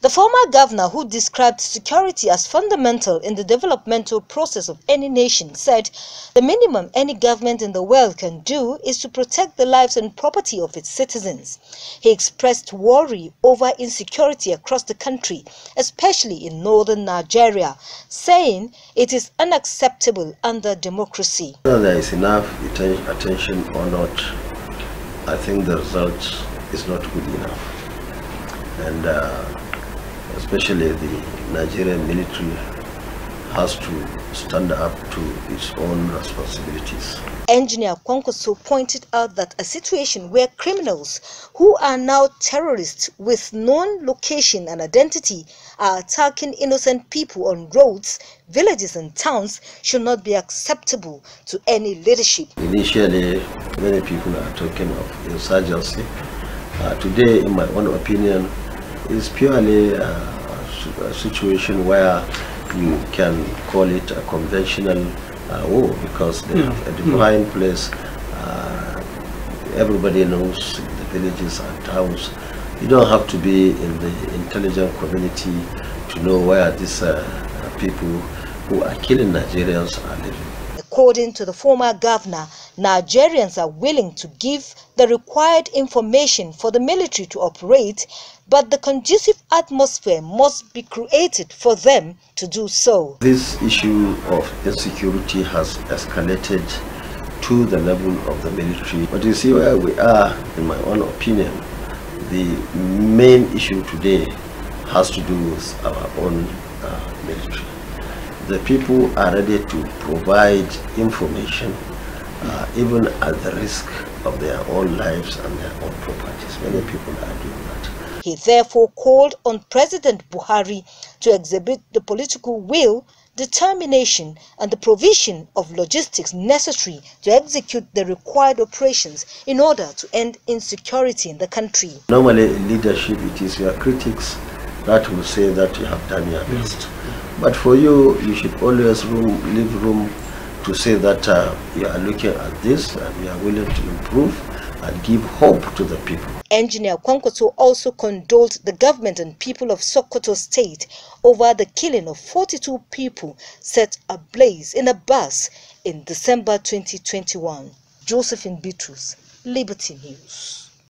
The former governor, who described security as fundamental in the developmental process of any nation, said the minimum any government in the world can do is to protect the lives and property of its citizens. He expressed worry over insecurity across the country, especially in northern Nigeria, saying it is unacceptable under democracy. Whether there is enough attention or not, I think the result is not good enough. And uh, especially the Nigerian military, has to stand up to its own responsibilities. Engineer Kwankoso pointed out that a situation where criminals who are now terrorists with known location and identity are attacking innocent people on roads, villages and towns should not be acceptable to any leadership. Initially, many people are talking of insurgency. Uh, today, in my own opinion, is purely uh, a situation where you can call it a conventional uh, war because they have a divine place. Uh, everybody knows the villages and towns. You don't have to be in the intelligent community to know where these uh, people who are killing Nigerians are living. According to the former governor, Nigerians are willing to give the required information for the military to operate, but the conducive atmosphere must be created for them to do so. This issue of insecurity has escalated to the level of the military. But you see where we are, in my own opinion, the main issue today has to do with our own uh, military. The people are ready to provide information uh, even at the risk of their own lives and their own properties. Many people are doing that. He therefore called on President Buhari to exhibit the political will, determination, and the provision of logistics necessary to execute the required operations in order to end insecurity in the country. Normally, in leadership, it is your critics that will say that you have done your best. Mm. But for you, you should always room, leave room to say that uh, we are looking at this and we are willing to improve and give hope to the people. Engineer Kwankwaso also condoled the government and people of Sokoto state over the killing of 42 people set ablaze in a bus in December 2021. Josephine Beatrice, Liberty News.